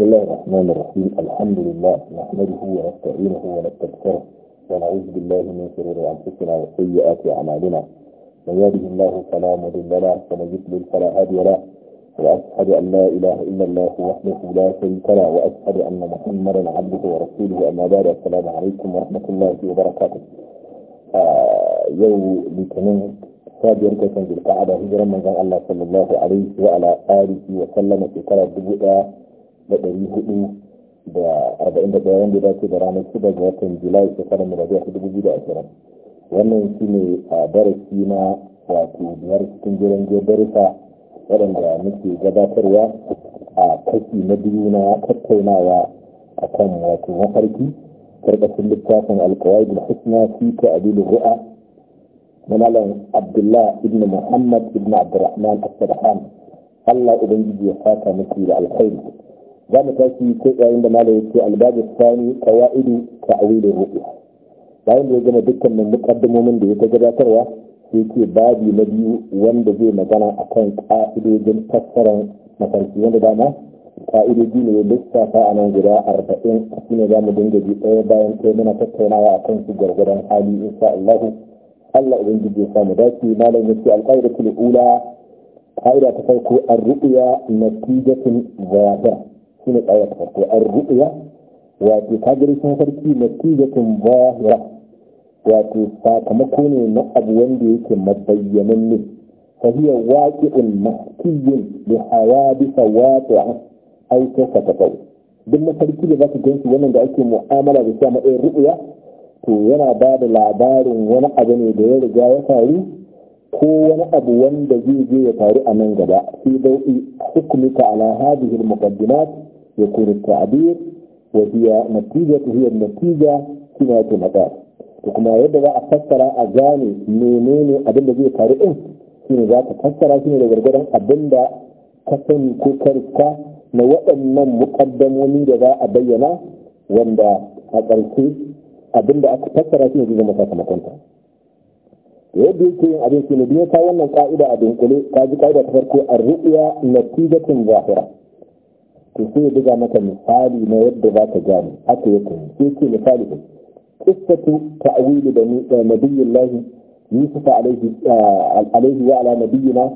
بسم الله الرحمن الرحيم الحمد لله نحمده ونستعينه ونستغفره ونعوذ بالله من شرور انفسنا وسيئات اعمالنا من يهده الله فلا مضل له ومن يضلل فلا هادي له واشهد ان لا اله الا الله وحده لا شريك له واشهد ان محمدا عبده ورسوله اما بعد السلام عليكم ورحمه الله وبركاته آه، يوم الاثنين sabiyar kasan zulka'ada هجرا من Allah sallallahu alaihi wa ala alihi wa sallama shekarar da ɗari hudu da arba'in da ɗaya wanda ya dace da ranar shida ga watan julai shekarar miladiya ta dubu biyu da ashirin wannan shi ne a darasi na wato biyar cikin jiran jiya darasa waɗanda muke gabatarwa a kashi na biyu na tattaunawa a kan wato mafarki karkashin littafin alkawai da husna fi ta adilu ru'a na malam abdullah ibn muhammad ibn abdurrahman as-sarhan allah ubangiji ya fata miki da alkhairi za mu tashi ko yayin da malam yake albabu tsani qawaidu ta'wilur ru'ya bayan da ya gama dukkanin muqaddamomin da ya ta gabatarwa sai ke babi na biyu wanda zai magana akan ka'idojin fassarar mafarki wanda dama ka'idoji ne lissafa a nan guda arba'in shi ne za mu dinga bi ɗaya bayan ɗaya muna tattaunawa a kan su gwargwadon hali insha Allah Allah ubangiji ya samu dace malam yace alqaidatul ula ka'ida ta farko ar-ru'ya natijatin zahira shi ne ƙayar farko an ru'uya wato kagirisun sarki natijatin zahira wato sakamako ne na abu wanda yake mabayyanan ne fahiyar waƙi'in maskiyin da hawa bisa waƙi'a aiko fatakau duk mafarki da za su gansu wannan da ake mu'amala da shi a matsayin ru'uya to yana ba da labarin wani abu ne da ya riga ya faru ko wani abu wanda zai je ya faru a nan gaba sai dai hukumika ala hadhihi al-muqaddimat يكون التعبير وهي نتيجة هي النتيجة كما المطاف وكما يبدأ أفسر أجاني منين أبن ذي قارئه shine za ka fassara shi ne da gargadon abin da ka sani ko karka na waɗannan muƙaddamomi da za a bayyana wanda a ƙarshe abin da aka fassara shi ne zai zama sakamakonta da yadda yake yin abinci shi ne biyan ka wannan ƙa'ida a dunkule ka ji ƙa'ida ta farko a ru'ya natijatin zahira to sai ya buga maka misali na yadda za ka gane aka yi kuma sai ce misali ɗin kissatu ta'awilu eh, da lahi yusufa alaihi eh, wa ala na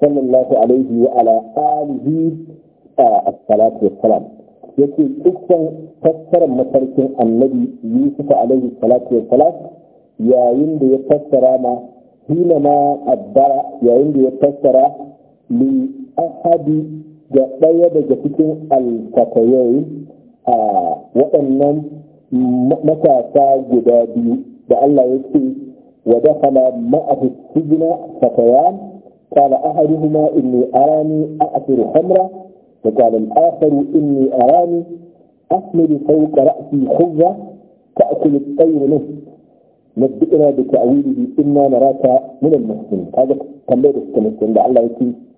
sallallahu alaihi wa ala alihi eh, a salatu wa wassalam yace kusan fassarar mafarkin annabi yusufa alaihi salatu wa salam yayin da ya fassara ma hina ma abbara yayin da ya fassara li ahadi ga ɗaya daga cikin alfatayoyi a waɗannan matasa guda biyu da Allah ya ce wa dakhala ma'ahu fatayan قال أحدهما إني أراني أأثر خمرة وقال الآخر إني أراني أحمل فوق رأسي خبزة تأكل الطير منه نبئنا بتأويله إنا نراك من المحسنين هذا كان ليه بس الله يكون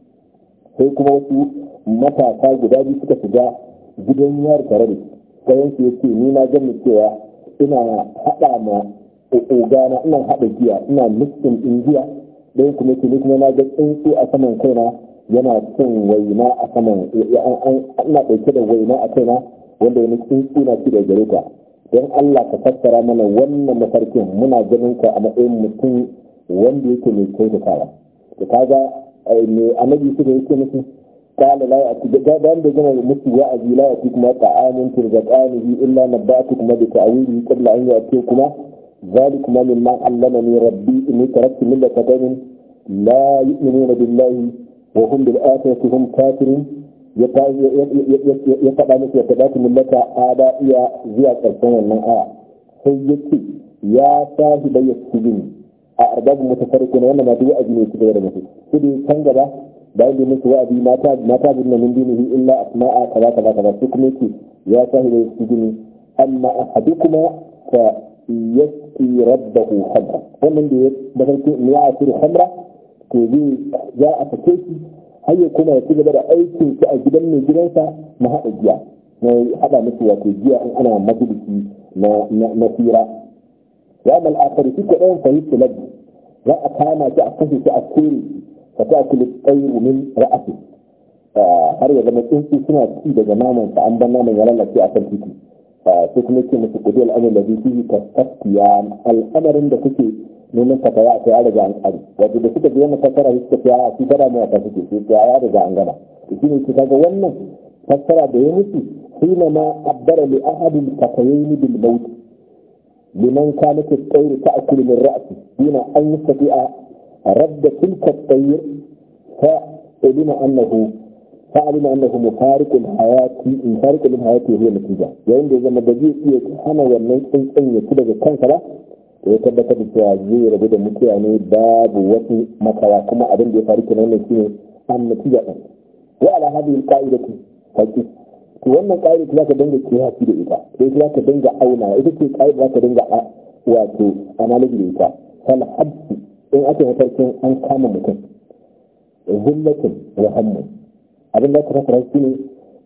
sai kuma wasu matasa guda biyu suka shiga gidan yar tare da kayan su yace ni na gani cewa ina haɗa ma ogana ina haɗa giya ina mixin in giya ɗayan kuma ke kuma na ga tsuntsu a saman kaina yana cin waina a saman ina ɗauke da waina a kaina wanda wani tsuntsu na ci da gare ka don Allah ka fassara mana wannan mafarkin muna ganin ka a matsayin mutum wanda yake mai kyautatawa da kaga me annabi su da yake musu kala la ya ga dan da gama musu ya abi la ya kuma ta'amun turzaqani illa nabatukum bi ta'wili qabla an ya'tikuma ذلكما مما علمني ربي إني تركت ملة قوم لا يؤمنون بالله وهم بالآخرة هم كافرون ya faɗa musu ya faɗa millata ada iya zuwa ƙarshen wannan aya sai ya ya sahi da a arbabin mutafarriku ne wannan ma duk wa'azi ne kuma da mutum su dai can gaba bayan da musu wa'azi mata mata bin min dinihi illa asma'a kaza kaza kaza su kuma yake ya sahi da su gini amma kuma fa yasqi rabbahu khamra wannan da ya bakanci ne a suru khamra to zai za a fake shi har ya kuma ya ci gaba da aikin shi a gidan mai gidansa na haɗa giya na haɗa musu wato giya in ana majalisi na na wa mal akhari ko ɗayan fahimtu za a kama shi a kashe shi a kore ka ta kula tsairu min ra'asi ah, har ya zama tsinci suna ci daga naman sa an ban naman ya lalace a kan titi ah, su kuma ce musu kudi al'amur da zai ta al'amarin da kuke neman fatara a kai an riga an tsari wato da suka biyan fassara suke an gama wannan fasara da ya mutu hina ma abbara li ahadin fatayaini bil لمن كانت الطير تأكل من رأسه دون أن يستطيع رد تلك الطير فعلم أنه فعلم أنه مفارق الحياة مفارق من حياته هي النتيجة يعني إذا ما بديت فيه أنا والناس إن إن يكتب كان فلا ويتبت بالتوازي ربدا مكي يعني باب وفي مكواكما أبن بفارق من النتيجة النتيجة وعلى هذه القاعدة فالإسلام wannan ƙa'ida ta zaka dinga kiyasi da ita sai ta zaka dinga auna ita ce ƙa'ida zaka dinga wato analogy da ita fal habsi in aka yi farkin an kama mutum zullatin wa hammu abin da aka fara shi ne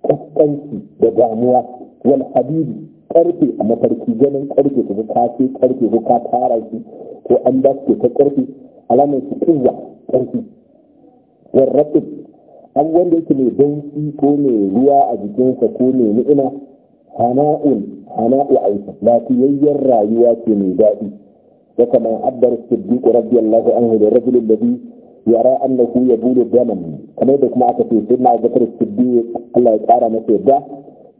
kaskanci da damuwa wal habibi karfe a mafarki ganin karfe ko ka ce karfe ko ka tara shi ko an ba ta karfe alamar su kuwa karfe wal an wanda yake mai danki ko mai ruwa a jikinsa ko mai ni'ima hana'un hana'u aisha lafiyayyen rayuwa ce mai daɗi ya kama abdar siddiq radiyallahu anhu da rajul alladhi yara annahu yabulu daman kamar da kuma aka ce sai na zakar siddiq Allah ya kara masa yadda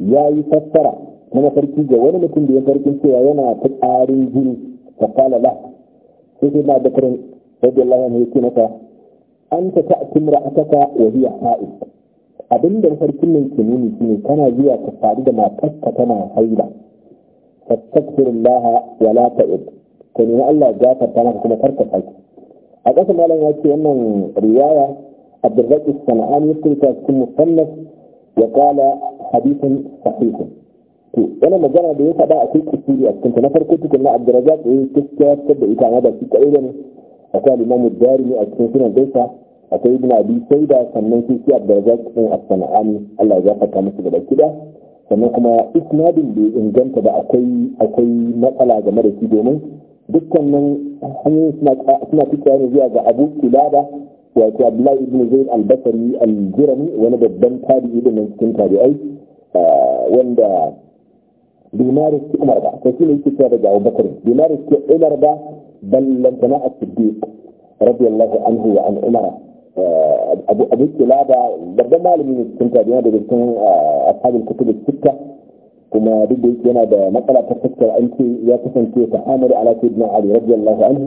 yayi fassara na mafarki ga wani mutum da ya farkin cewa yana ta ƙarin jini ta qala la sai na zakarin radiyallahu anhu yake masa أنت تأتي امرأتك وهي حائل أبن دمهر كل من سنين كنو كان زيا كفارد ما تكتنا حيلا فاستغفر الله ولا تعد كنين الله جافر تلك كما تركت حيث أقصى ما لن يأتي أن الرياية عبد الرجل السنعان يقول كم مصنف وقال حديثا صحيحا وانا ما جرى بيوسع بقى في كثير كنت نفر كنت كنا عبد الرجل ايه كيف كيف تبقى ايه كان هذا في تقريبا akwai al-imamu darimi a cikin sunan dinsa akwai ibn abi saida sannan sai shi abdurrazzaq din as-sana'ani Allah ya fata musu gaba kida sannan kuma isnadin bai inganta ba akwai akwai matsala game da shi domin dukkanin hanyoyin suna fitowa ne zuwa ga abu kulaba wato abdullahi ibn zaid al-basri al-jirani wani babban tabi'i da nan cikin tabi'ai ah, wanda bai ma riski umar ba sai shi ne yake cewa daga abubakar bai ma riski umar ba بل لما الصديق رضي الله عنه وعن عمر abu abu kilaba babban malami ne cikin tabi yana daga cikin ashabul kutub sitta kuma duk da yana da matsala ta fuskar an ce ya kasance ta amaru ala sayyidina ali radiyallahu anhu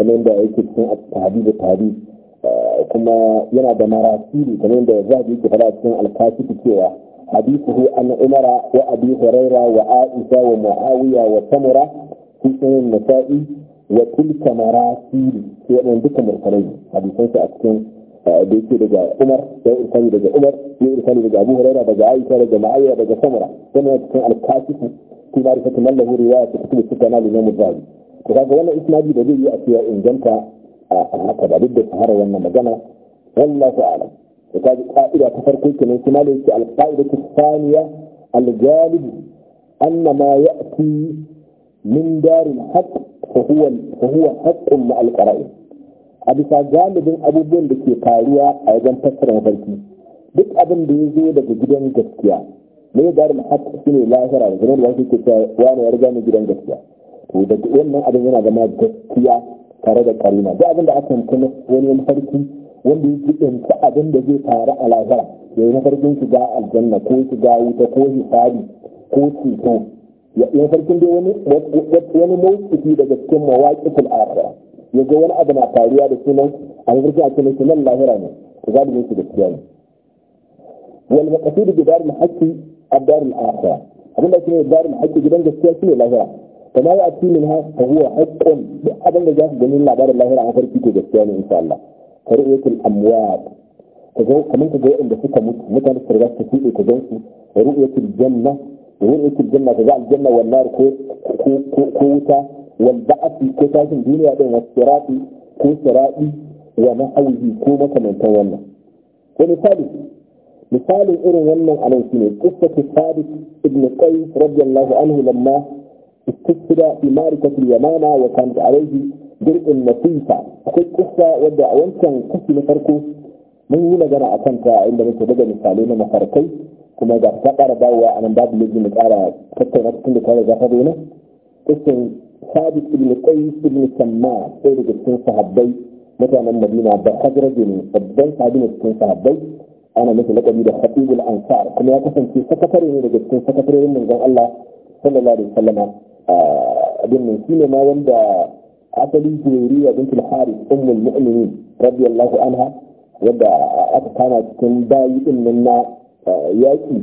kamar yadda yake cikin ashabi da tabi kuma yana da marasili kamar yadda zabi yake fara cikin alkasifi cewa an umara wa huraira wa aisha wa muawiya wa samura fi sunan وكل كمراتي في من ذكر مرتين حديثين سأكون آه، بيت رجع عمر بيت ثاني رجع عمر بيت ثاني رجع أبو هريرة رجع عائشة رجع معاية رجع سمرة ثم يكون على الكاتب في معرفة ما له رواية كتب السكانة لنوم الظالم فقال والله إسم هذه بديل يأتي آه، إن جمت العقبة ضد السهرة وإنما جمع والله أعلم فقال إذا كفر كنت من إسمال القائدة الثانية الجالب أن ما يأتي من دار الحق fahuwa haƙƙun mu ƙara'in a bisa galibin abubuwan da ke faruwa a wajen fassara mafarki duk abin da ya zo daga gidan gaskiya ne ya gari haƙƙa ne lahira da zanen da ke cewa wani ya gani gidan gaskiya to da wannan abin yana zama gaskiya tare da karina duk abin da aka yi kuma wani mafarki wanda ya jiɗinta abin da zai faru a lahira ya yi mafarkin shiga aljanna ko shiga wuta ko hisabi ko ciko ya farkin dai wani wani mawukufi daga cikin mawaƙifin akira ya ga wani abu na faruwa da sunan a mafarkin a cikin sunan lahira ne ku za da yake da siya ne wani makasu da gidar mahaƙi a darul akira abin da shine darul haƙi gidan gaskiya shine lahira kama ya ci min ha fa huwa haqqun duk abin da za ku gani labarin lahira a farki ko gaskiya ne insha Allah ru'yatul amwat ka ga kaman ka ga wanda suka mutu mutane su riga su tuɗe ka gansu ru'yatul janna wurin uku janna ta za a janna wannan ko wuta wanda ake ko tashin duniya ɗin wasu sirati ko sirati wa ma'auzi ko makamantan wannan ko misali misalin irin wannan anan shi ne kusurta sadiq ibn qayyim radiyallahu anhu lamma istusida fi ma'rifatul yamana wa kan alayhi dirqin nasifa akwai kusa wanda a wancan kusi na farko mun yi magana akan ta inda muke daga misalai na mafarkai kuma ga ta ƙara dawowa a nan babu lejin da ƙara tattauna cikin da kawai zafa zo nan isin sabit ibn qais ibn samma sai da cikin sahabbai mutanen madina da hadrajin ne babban sahabi ne cikin sahabbai ana masa laƙabi da khatibul ansar kuma ya kasance sakatare ne daga cikin sakatarorin manzon Allah sallallahu alaihi wasallama abin nan shine ma wanda asali juriya al-harith ummul mu'minin radiyallahu anha wanda aka kana cikin bayi din nan na yaki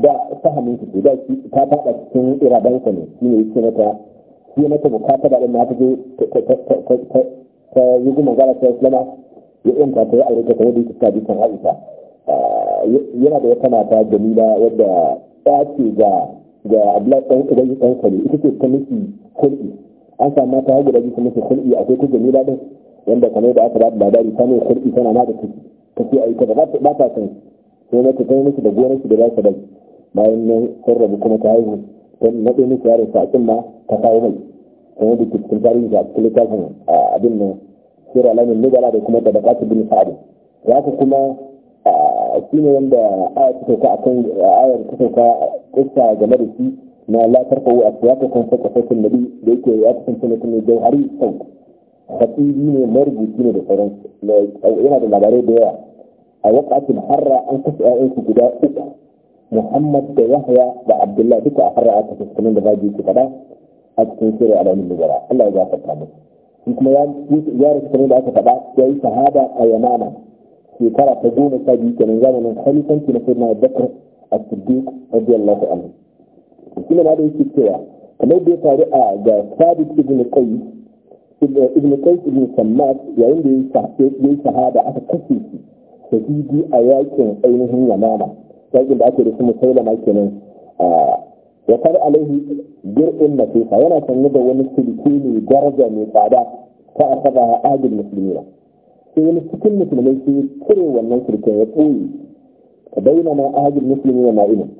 da sahamin su da shi ta fada cikin iradansa ne shi ne yake mata shi mata bukata da ɗan ta je ta yi goma gara ta islama ya yanka ta ya aure ta wadda yake ta bi bisan aisha yana da wata mata jamila wadda ta ce ga ga abdullahi ɗan ubangi ɗan kare ita ce ta miki kulki an samu mata hagu da bisa miki kulki akwai ta jamila ɗin wanda kamar da aka ba da labari ta ne kulki tana ma da ta ce a yi ta ba ta san sai na tafi musu da gonarsu da za su bai bayan nan sun kuma ta haihu don naɗe musu yaron sakin ma ta kawo mai kamar da cikin tarihi a cikin littafin abin nan sura lamin nubala da kuma tabakatu bin sa'adu ya ku kuma shi ne wanda aya ta sauka akan ayar ta sauka kissa game da shi na la tarfa'u aswaqakum fawqa sawti nabi da yake ya kasance mutum ne jauhari sauka khatibi ne marubuci ne da sauransu yana da labarai da yawa وقعت الحرة أن تسأل أنك جداء أكا محمد ويحيى وعبد الله بك أحرى أكثر سلمان بغاية كتابة أتنسير على علم الجراء الله إذا أفضل إنكم يا رسول سلمان بغاية كتابة جاي شهادة أيمانا في كرة تقوم الساجي كان يجب أن نخلصا في نصيرنا الذكر الصديق رضي الله تعالى إنكم هذا يشتكي كما يبقى تارئة جاء ثابت ابن قيس ابن قيس ابن سماس يعني يشهادة على كثيرا shahidi a yakin ainihin yamama yakin da ake da su musailama kenan ya kar alaihi gir'in nasifa yana sanye da wani sulki ne daraja mai tsada ta asaba musulmi ba. sai wani cikin musulmai sun yi cire wannan sulkin ya tsoye ka bayyana ma adil musulmi na ilimin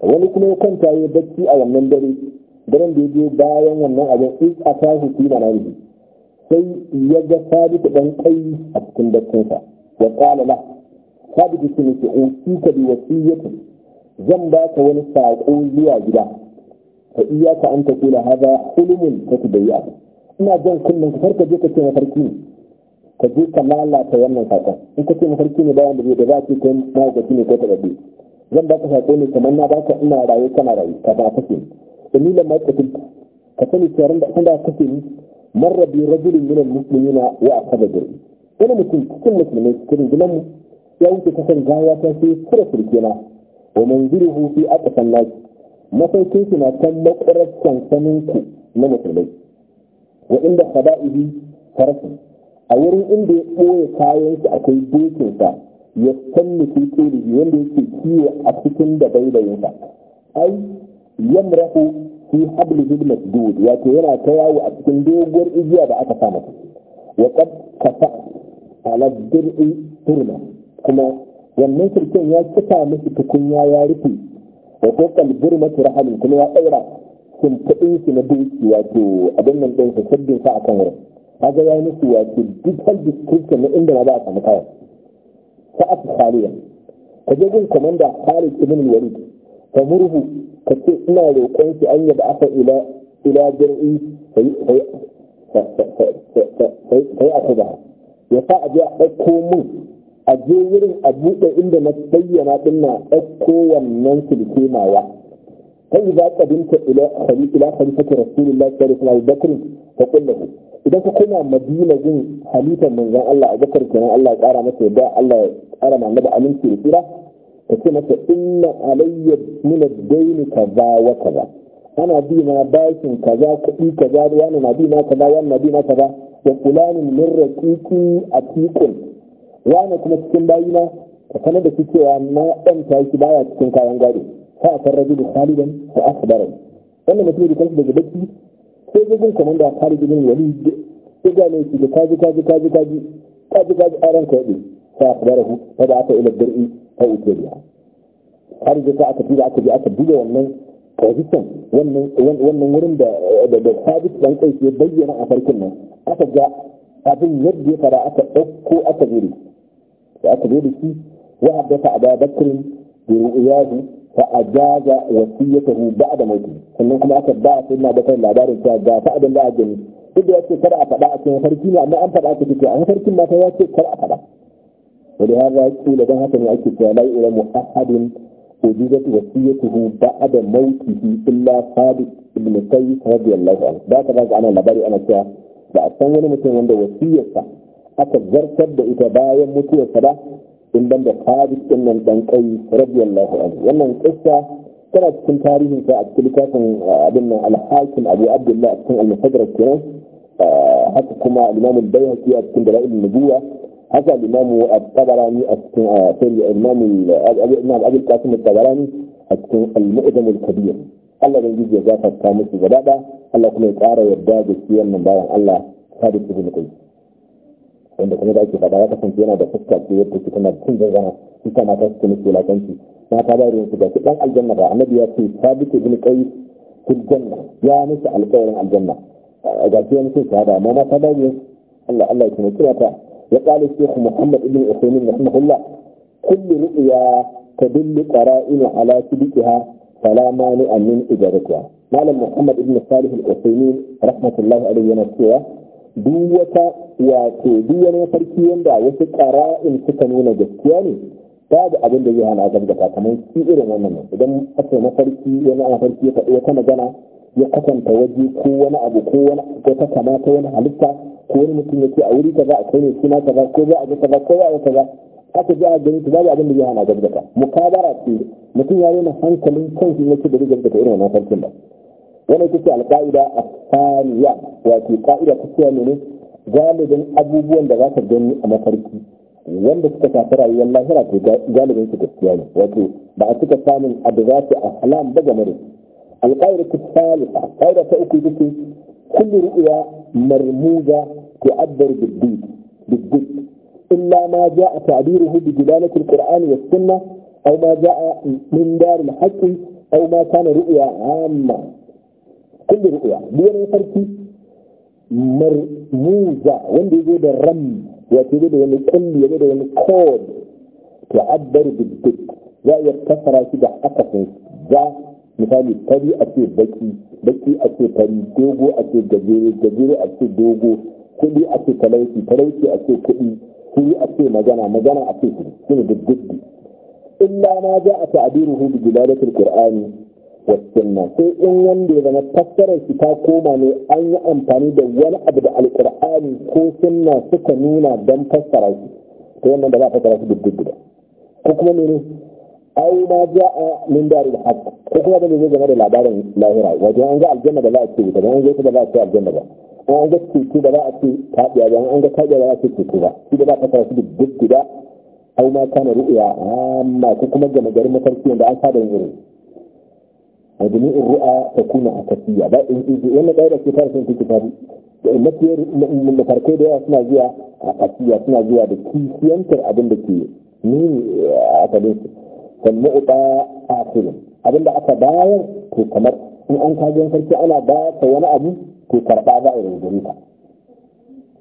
wani kuma ya kwanta ya bacci a wannan dare daren da ya je bayan wannan abin in a tashi su na sai ya ga sabitu ɗan kai a cikin baccinsa وقال له ثابت سنك أوصيك بوصية ذنبك ونستعقون لي أجلا فإياك أن تقول هذا حلم فتبيعه ina jan kullum kar ka je ka ce mafarki ne ka je ka lalata wannan sakon in ka ce mafarki ne bayan da zai da za ce kai ne ko ta gabe zan baka sako ne kamar na baka ina raye kana raye ka ba kake ma ka ka sani da wani mutum cikin musulmai cikin gilanmu ya wuce kasan gawa ta sai kura surkina wa hufi fi aqsan naki masaukin shi na kan makwarar sansanin ku na musulmai wa inda khada'ihi farasu a wurin inda ya ɓoye kayan shi akwai dokinsa ya sanni fi tsiri wanda yake kiwo a cikin da baibayinsa ai yamrahu fi habli hibnat dud wato yana ta yawo a cikin doguwar igiya da aka sa masa wa qad ala dir'i kuma wannan sirken ya cika musu tukunya ya rufe wa kokal burmatu rahamin kuma ya daura sun fadin su na doki wato abin nan din su sabbin sa akan wurin kaga ya musu wato dukkan description na inda na ba a samu kayan sa'at khaliya ka je gun komanda Khalid ibn Walid ka murhu ka ce ina roƙon ki an yaba aka ila ila dir'i sai sai sai sai sai ya sa a je a ɗauko mun a je wurin a buɗe inda na bayyana ɗin na ɗauko wannan silke nawa kan yi za ka binta ila ila khalifatu rasulullahi sallallahu alaihi wasallam ta kullahu idan ka koma madina jin halittar manzon Allah abubakar kenan Allah ya ƙara masa yadda Allah ya ƙara ma annabi aminci da tsira ka ce masa inna alayya min ad kaza wa kaza ana bi na bashin kaza kuɗi kaza wani na bi na kaza wani na bi na kaza wa fulanin min a atiqun wani kuma cikin bayina ka sanar da su cewa na ta tashi baya cikin kayan gado fa da saliban khalidan fa akhbara wannan mutum da kansu daga bacci sai gudun komanda Khalid bin wani. sai ga ne shi da kaji kaji kaji kaji kaji kaji a ranka yadi fa akhbarahu fa da aka ila dar'i fa utiya har da ta aka tura aka je aka buga wannan kwazitan wannan wurin da da sabit dan kai ke bayyana a farkon nan aka ga abin yadda ya fara aka ɗauko aka zuri da aka zuri shi wa haddasa aba bakirin da ru'uyahu fa ajaza wasiyatahu ba'da mauti sannan kuma aka ba sai na bakar labarin cewa ga ta abin da a gani duk da yace kar a faɗa a cikin farki ne amma an faɗa a cikin an farkin ma ya ce kar a faɗa wani ya za ku da don haka ne ake cewa la ilaha ahadin وجدت وصيته بعد موته illa صادق ابن قيس رضي الله عنه ذاك راجع انا لباري انا كده da san wani mutum wanda wasiyarsa aka zartar da ita bayan mutuwarsa ba in ban da tabiq din nan dan kai radiyallahu anhu wannan kissa tana cikin tarihin sa a cikin littafin abin nan al-hakim abu abdullah cikin al-mustadrak kiran haka kuma imam al-bayhaqi a cikin dalail an-nubuwa haka imam al tabarani a cikin sai imam al-imam abul qasim at-tabarani a cikin al-mu'jam al-kabir Allah ne ya gafarta musu gaba da Allah kuma ya ƙara yarda da shi wannan bayan Allah sadiq ibn qais wanda kuma da ake faɗa ya kasance yana da fuska ce yadda ke tana cin zanzana shi ta mata su musu lakanci na ta ba ruwan su ga ɗan aljanna ba annabi ya ce ta ibn qais fil janna ya musu alƙawarin aljanna ga shi ya musu shahada amma ma ta ba ruwan Allah Allah ya kuma kira ta ya ƙala shekhu Muhammad ibn Usaimin rahimahullah kullu ru'ya tadullu qara'ina ala sidqiha Salamani mani amin ijaratiha malam muhammad ibn salih al-usaymin rahmatullahi alaihi yana cewa duk wata wato duk wani mafarki wanda wasu qara'in suka nuna gaskiya ne babu abin da zai hana gaggata kamar shi irin wannan ne idan aka mafarki wani mafarki ya faɗi wata magana ya kasanta waje ko wani abu ko wani wata wani halitta ko wani mutum ya ce a wuri kaza a kai ne suna kaza ko za a ga kaza ko za a ga kaza aka ji a gani to babu abin da zai hana gazgata mukabara ce mutum ya nuna hankalin kansu yake da zai gazgata irin wannan farkin ba wannan ita ce alƙa'ida a saniya wato ƙa'ida ta ce ne galibin abubuwan da za ka gani a mafarki wanda suka shafi rayuwar lahira to galibin su gaskiya ne wato ba a cika samun abu za su a halam ba game da alƙa'ida ta salisa ƙa'ida ta uku ita ce kullu ru'ya marmuza tu'abbar biddid biddid إلا ما جاء تعبيره بجلالة القرآن والسنة أو ما جاء من دار الحق أو ما كان رؤيا عامة كل رؤيا بيانا يفرتي مرموزة وانده يقول الرم يتبدو وانه كل يبدو وانه كود تعبر بالدق لا يكفر كده أكف ذا مثال التالي أكي بكي بكي أكي تاري دوغو أكي جزيري جزيري أكي دوغو كل أكي تلوتي تلوتي أكي كئي shi a ce magana magana a ce shi shi ne duk illa ma za a ta'abiruhu bi jilalatil qur'ani wa sunna sai in wanda ya zama fassarar shi ta koma ne an yi amfani da wani abu da alqur'ani ko sunna suka nuna dan fassara shi to wannan da za a fassara shi duk ba. ko kuma ne أو ما جاء zama da labarin lahira من يجي جمال العبارة لا يرى وجاء أنجا الجنة لا تسوي تبعا أنجا كذا لا تسوي الجنة ba. an ga teku ba za a ce kaɗiya ba an ga kaɗiya ba za a ce teku ba shi da za ta fara da duk guda au ma kana ru'ya amma ko kuma gama garin mafarki wanda an saba yin irin wa jami'in ru'a ta kuna a tafiya ba in in wannan ɗaya da ke fara sun da in mafiyar mafarkai da yawa suna zuwa a tafiya suna zuwa da kisiyantar abin da ke nuni a eh, asalin su sannan uba a filin abin da aka bayar ko kamar in an kajin sarki ana ba ta wani abu ko karɓa za a yi ka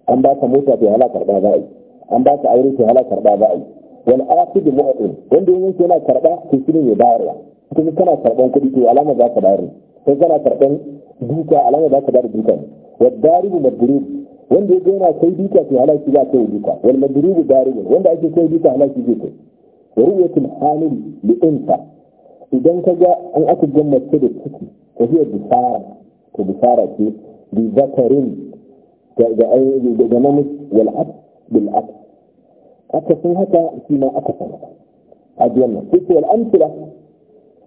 an ba ka mota ta hala karɓa za a yi an ba ka aure ta hala karɓa za a yi wani afi da mu'adin wanda yin yanke yana karɓa ke shi ne mai bayarwa kuma kana karɓan kuɗi to alama za ka bayar sai kana karɓan duka alama za ka bayar duka ne wa daribu madrib wanda ya gona kai duka to shi za ka yi duka Wani madribu daribun wanda ake kai duka hala halaki zai kai wa ru'yatul hamil li insa idan ka ga an aka gammace da ciki ta hiyar bisara to bisara ce بذكر جمامس والعب والعبد بالعبد هكا فيما أكثر أجلنا قلت والأمثلة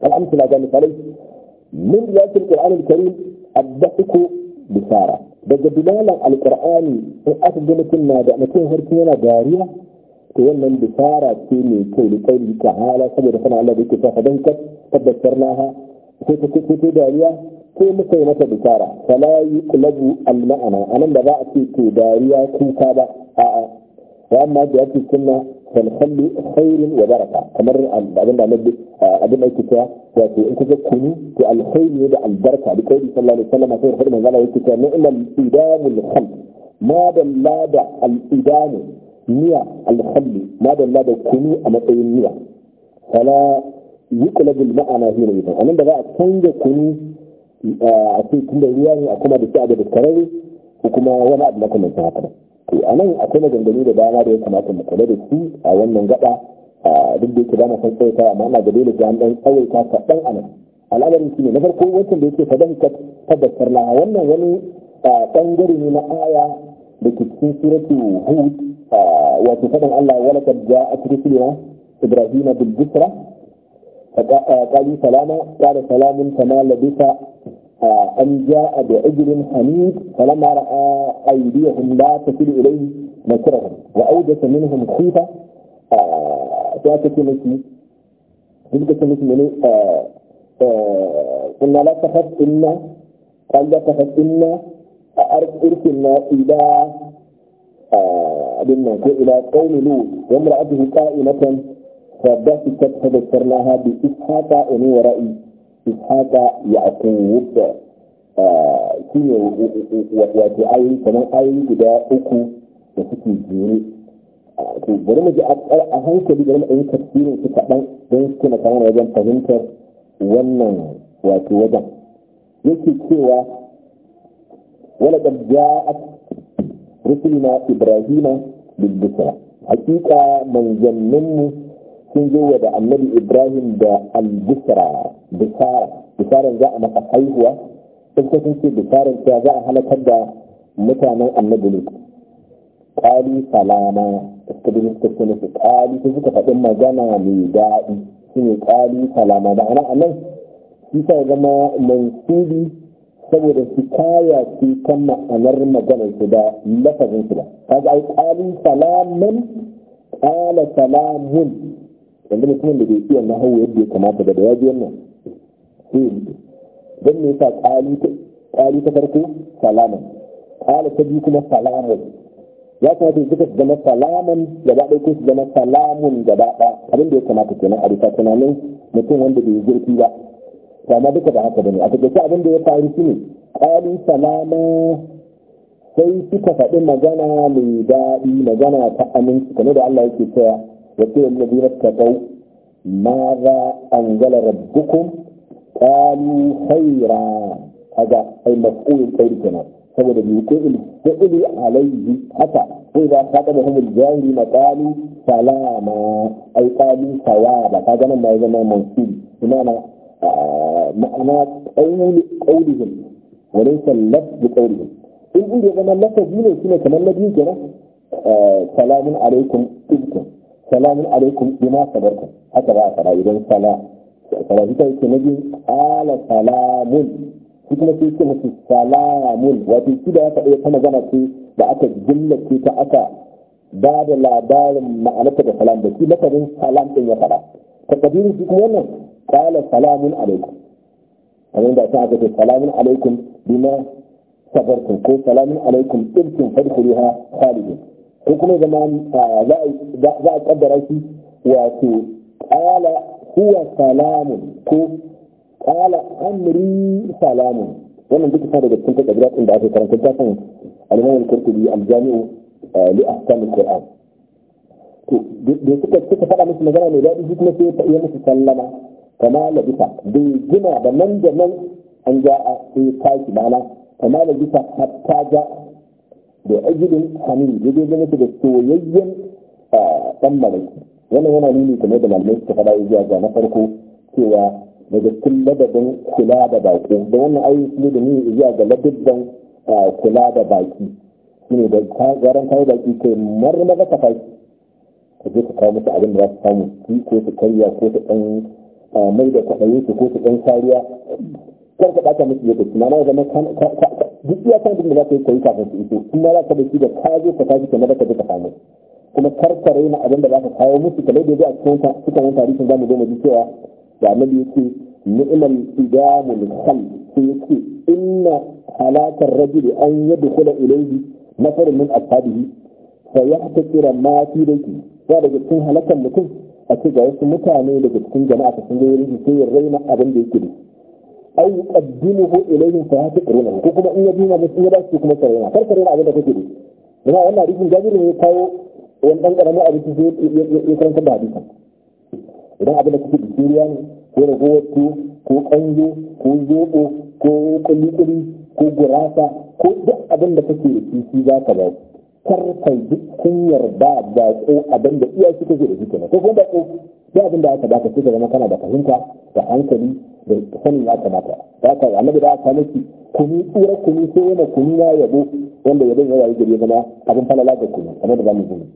الأمثلة جانت عليه من ذات القرآن الكريم أبدأك بسارة بجدلالة على القرآن أكثر جمتنا بأمتين هرتين جارية تولى بسارة تيمي كولي كولي تعالى سبب رفنا على ذلك فهدنك تبكرناها كيف كيف كيف ko muka yi mata bishara fala yuqlabu al-ma'ana anan da ba a ce to dariya kuka ba a'a wa amma da yake sunna fal khallu wa baraka kamar abin da annabi abin da yake cewa wato in kuka kunu to alkhairu ne da albarka da kai sallallahu alaihi wasallam sai hadin manzo yake cewa ni'mal idamul khal ma dalla da al-idamu niya al-khalli ma dalla da kunu a matsayin niya fala yuqlabu al-ma'ana hina idan anan da za a canza kunu Eh, a ce kuma ruwa ne a kuma da shi a da daskararre ko kuma wani abu makamancin haka to a nan akwai maganganu da dama da ya kamata mu kula da su a wannan gaɗa eh, duk da yake ba na san tsawaita amma ana ga dole sai an tsawaita kaɗan a nan al'amarin shi ne na farko wancan da yake fadan ka tabbatar na wannan wani bangare eh, ne na aya da ke cikin suratu hud wato fadan Allah walakad ja'at rusuluna ibrahima bil busra قالوا سلاما قال سلام كما لبث آه، أن جاء بعجل حميد فلما رأى أيديهم لا تصل إليه نكرهم وأوجس منهم خيفة ذات مثل تلك مثل قلنا لا تخف إنا قال لا تخف إنا أرسلنا إلى آه، بنا إلى قوم لوط وامرأته قائمة su فضحكت فذكرناها بإسحاق ومن وراء إسحاق يعقوب shine wato ayoyi kamar ayoyi guda uku da suke jere to bari mu ji a hankali bari mu ɗan tafsirin su kaɗan don su taimaka mana wajen fahimtar wannan wato wajen yake cewa wala qad ja'at rusulina ibrahima bil busra haqiqa manzanninmu sun zo wa da annabi ibrahim da al bisara bisaran za a maka haihuwa sun ko sun ce bisaran cewa za a halakar da mutanen annabi ne kali salama suka bi suka ce musu kali sun suka faɗin magana mai daɗi shi ne kali salama da ana a nan shi sa zama mansubi saboda su kaya su kan ma'anar maganar su da lafazin su ba kaga ai kali salaman kala salamun wanda mutumin da bai na hau yadda ya kamata da ya biyan nan sai mutu don me yasa ƙali ta farko salaman ƙali ta biyu kuma salamun ya kamata su duka su zama salaman gaba ɗaya ko su zama salamun gaba ɗaya abin da ya kamata kenan a bisa tunanin mutum wanda bai zurfi ba kama duka da haka bane a takaice abin da ya faru shi ne ƙali salama sai suka faɗi magana mai daɗi magana ta aminci kamar da Allah yake cewa وقيل الذين اتقوا ماذا أنزل ربكم قالوا خيرا هذا أي مفعول الخير كما الذي يقول الفعل عليه حتى وإذا خاطبهم الجاهلين قالوا سلاما أي قالوا ثوابا هذا ما يسمى منصوب بمعنى آه، معنى قول قولهم وليس اللفظ قولهم إن إذا كان اللفظ كما الذي كان آه، سلام عليكم إذكم salamun alaikum bima sabarkum haka ba a fara idan sala sala shi kai na biyu ala salamun shi kuma sai ce musu salamun wato shi da ya faɗi ta magana ce da aka jillace ta aka bada da labarin ma'anarta da salam da shi lafazin salam ɗin ya faɗa takadirin shi kuma wannan qala salamun alaikum kamar da ta ko salamun alaikum irkin fadkhuluha ko kuma zama ah, za a kaddara shi wato ƙala huwa salamun ko ƙala amri salamun wannan duka sa daga cikin kaddara ɗin da ake karanta ta san alimanin kurkuri a ah, li al qur'an to da suka suka faɗa musu magana mai daɗi shi kuma sai ya musu sallama kama bisa bai gina da nan da nan an ja a sai ya tashi mana kama bisa hatta ja. da ajilin hamil daidai gane su da soyayyen dan malaki wannan yana nuni kama da malamai suka faɗa ya ga na farko cewa daga cikin ladabin kula da baƙo da wannan ayi ne da nuni ya ga ladabin kula da baƙi shine da garan kayan baƙi kai marmara ka fashi ka je ka kawo musu abin da za su samu su ko su karya ko su ɗan mai da kwaɗayin su ko su ɗan kariya kar ka ɓata musu lokaci ma na zama duk ya san da za ka yi koyi kafin su iso kuma za ka da shi da ka zo ka tashi kamar da ka je ka samu kuma karkare na abin da za ka kawo musu kamar da a cikin cikin wani tarihin zamu zo mu ji cewa da annabi yake ni'mal idamu lil khalq sai yake inna halakar rajuli an yadkhula ilayhi nafarun min ashabihi fa yahtasira ma fi dayki ya daga cikin halakan mutum a ce ga wasu mutane daga cikin jama'a sun zo wurin sai ya raina abin da yake da aw yuqaddimuhu ilayhim fa yatquruna ko kuma in yabi na musu da su kuma sarayna kar sarayna abin da kake yi ina wannan hadisin jabiru ne ya kawo wannan dan karamin abin da yake kan da hadisin idan abin da kake yi siriya ne ko ragowar ko kanjo ko zobo ko kulikuli ko gurasa ko duk abin da kake yi shi za ka ba kar ka ji kunyar ba ko abin da iyaye suka ke da shi kenan ko kuma duk abin da aka baka sai ka zama kana da fahimta da hankali da sanin ya kamata da ka annabi da aka miki kunu tsura kunu sai yana kunu ya yabo wanda yabon ya yayi gari zama abin falala ga kunu kamar da zamu gani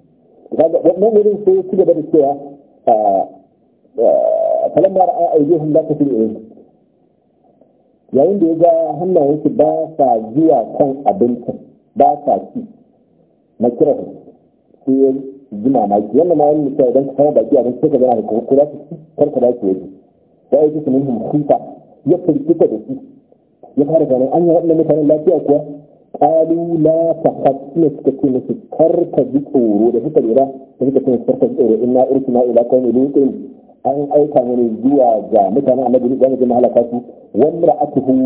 kaga wannan wurin sai ci gaba da cewa ah, ah, falamma ra'a ayyuhum la tasil ilayhi yayin da ya ga hannayensu ba sa zuwa kan abincin ba sa ci na kira sai ji mamaki wannan ma wani misali idan ka kama baki abin sai da ko za su karka da ke waje ya yi su minhum khifa ya firgita da su ya fara ganin an yi waɗannan mutanen lafiya kuwa qalu la taqat ne suka ce musu karka ji tsoro da suka lura da suka ce karka ji tsoro inna ursina ila qaumi lutin an aika ne zuwa ga mutanen annabi da zama halaka su wa mar'atuhu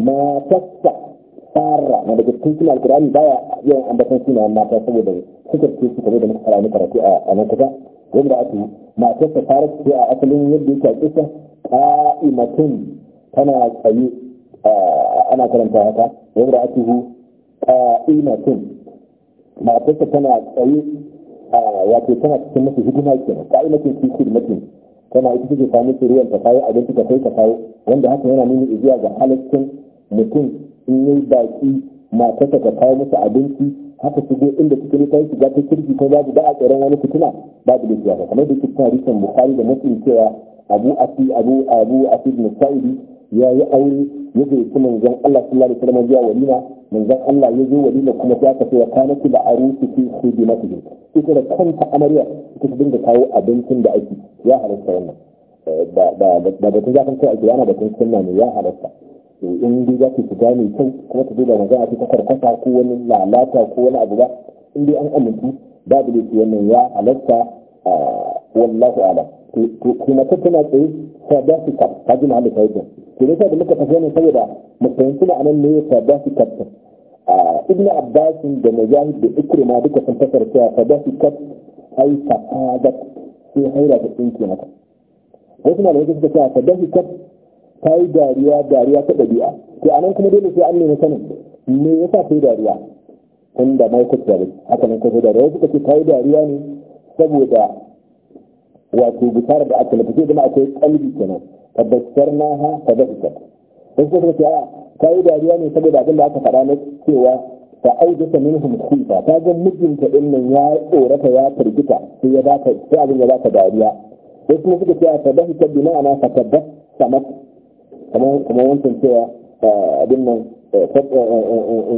ma tasta tsara na daga cikin ya alkurani an yawan ambatan sunayen mata saboda suka ce su kamar da muka fara muka rafi a nan kusa wanda ake mata ta fara ce a asalin yadda yake a kisa ka'imatun tana tsaye ana karanta haka wanda ake hu ka'imatun mata ta tana tsaye wato tana cikin masu hidima kenan ka'imatun cikin hidimatin tana ita take samun ruwan ta kawo abinci ta kai ta kawo wanda haka yana nuna zuwa ga halittun mutum in yi baki matarsa ta kawo musu abinci haka su shigo inda suke ne kai shiga ta kirki ko babu ba a tsoron wani fitina babu da shiga kamar da cikin hadisin bukari da mutum cewa abu asi abu abu asi bin sa'idi ya yi aure ya zai yake manzon Allah sallallahu alaihi wasallam ya walima manzon Allah ya zo walima kuma ya kafa ya kana ki da arusi fi khidmatihi ita da kanta amarya ita ta dinga kawo abincin da ake ya halatta wannan eh, ba ba ba da kan kai a gidana da kun sunna ne ya halarta in dai za ta shiga mai kyau kuma ta duba magana ta karkata ko wani lalata ko wani abu ba in dai an amintu babu laifi wannan ya halatta wallahu ala to kuma ta tana tsaye sadafika ta ji mahallin sauƙin to ne da muka tafi wannan saboda mu fahimci na anan ne sadafika ta ibn abbas da mujahid da ikrima duka sun fasara cewa sadafika ai safadat sai haira ta tsinke mata wasu malamai suka cewa sadafika ta yi dariya dariya ta ɗabi'a to anan kuma dole sai an nemi sanin me yasa ta yi dariya inda mai da bai haka nan da dariya suka ce ta yi dariya ne saboda wato butar da aka lafi zama akwai kalbi kenan tabbatar na ha ta da ita sai suka ce a ta yi dariya ne saboda abin da aka faɗa na cewa ta ta nuna hukunta ta ga mijinta ɗin nan ya tsorata ya firgita sai ya baka sai abin ya baka dariya sai kuma suka ce ta da ta bi ma'ana ta tabbata kamar wancan cewa abin nan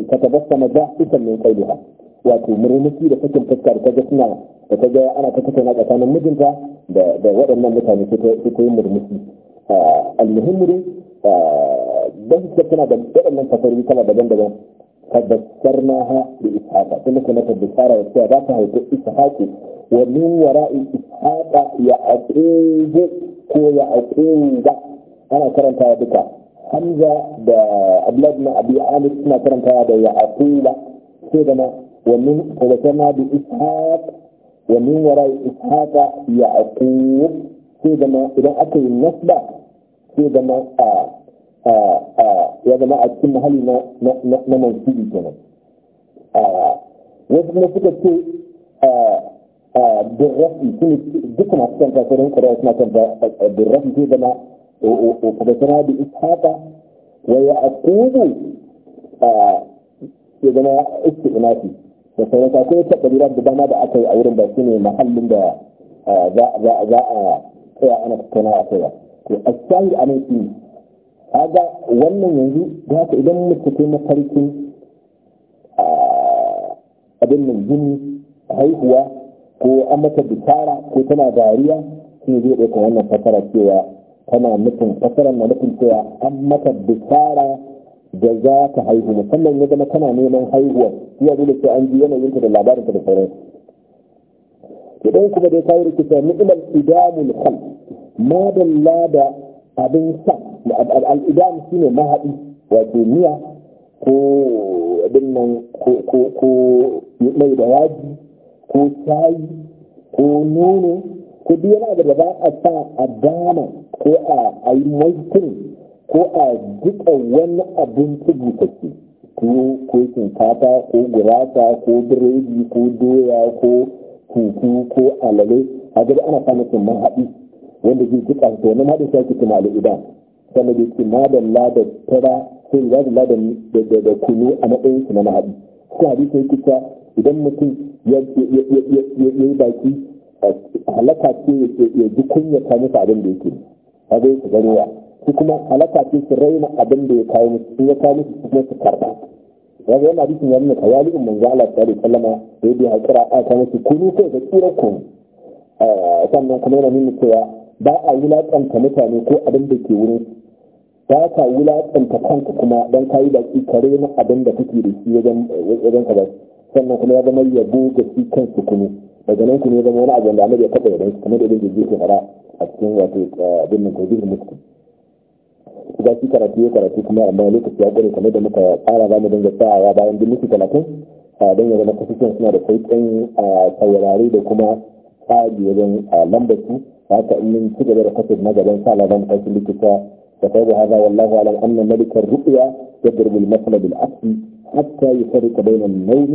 ka tabassama da'ifan min qawliha wato murmushi da sakin fuska da kaga suna da kaga ana ta tattauna tsakanin mijinta da da waɗannan mutane su ta yi murmushi almuhimmi dai dan su tana da waɗannan fasarori kala daban-daban فبشرناها بإسحاق ثم لك البشارة والسيادات هي إسحاق ومن وراء إسحاق يعقوب كو يعقوب أنا كرنت بك حمزة بأبلادنا أبي عالف أنا كرنت هذا يعقوب سيدنا ومن وسمى بإسحاق ومن وراء إسحاق يعقوب سيدنا إذا أتي النسبة سيدنا آه آه آه يا جماعة كم هلي ن ن ن نمو سيدي كنا آه وزمنا فكرة آه آه بالرفي كنت ذكنا كنت أقولن كنا كنا بالرفي سيدنا آه وذكرها بإسحاق ويعقوب إذا استئنافي وسوف تكون تقديرات بدانا da aka yi a wurin ba su ne mahallin da za a tsaya ana tattauna a kai ba. To, a sahi a nan wannan yanzu da haka idan mutu mafarkin abin nan jini haihuwa ko an mata bishara ko tana dariya shi zai ɗauka wannan fasara cewa tana nufin fasarar na nufin cewa an mata bisara da za ta haihu musamman ya zama kana neman haihuwa iya dole sai an ji yanayin ta da ta da sauran to Idan kuma dai kayi rikicin ni'mal idamul khalq ma da abin sa al idam shine mahaɗi, wato miya ko abin nan ko mai da yaji ko shayi ko nono ko duk wani abu da ba a sa a dama ko a yi mulkin ko a duka wani abin tubutakke ko ko shinkafa ko gurasa ko biredi ko doya ko kuku ko alale a gaba ana samun cin haɗi wanda zai duka to wani haɗin sa kitin al'ida sannan da ke ma da tara sai zai da da kunu a matsayin su na haɗi sai hadisi ya kusa idan mutum ya yi baki halaka ce ya ji kunya ta musu abin da yake ba zai su ganewa su kuma halaka ce su raina abin da ya kawo musu ya kawo musu su kuma su karɓa ya ga yana bikin ya nuna tawali'in manzo Allah ta alaihi sallama da yadda ya kira a kan su kunu kai da tsira ku eh, sannan kuma yana nuna cewa ba a wulaƙanta mutane ko abin da ke wurin ba ka wulaƙanta kanka kuma don ka yi baki kare na abin da kake da shi wajen ka ba sannan kuma ya zama yabo ga shi kansu kunu daga nan kuma ya zama wani abu da annabi ya taɓa yadan kamar da yake yake fara a cikin wato abin nan kojin musku ga shi karatu ya karatu kuma amma lokaci ya gure kamar da muka tsara za mu dinga sa'awa bayan duk minti talatin don ya zama kasusun suna da sauƙin saurare da kuma tsari wajen lambar su haka in mun ci gaba da kasar na gaban sa laban kasar likita فقال هذا والله اعلم ان ملك الرؤيا يضرب المثل بالاصل حتى يفرق بين النوم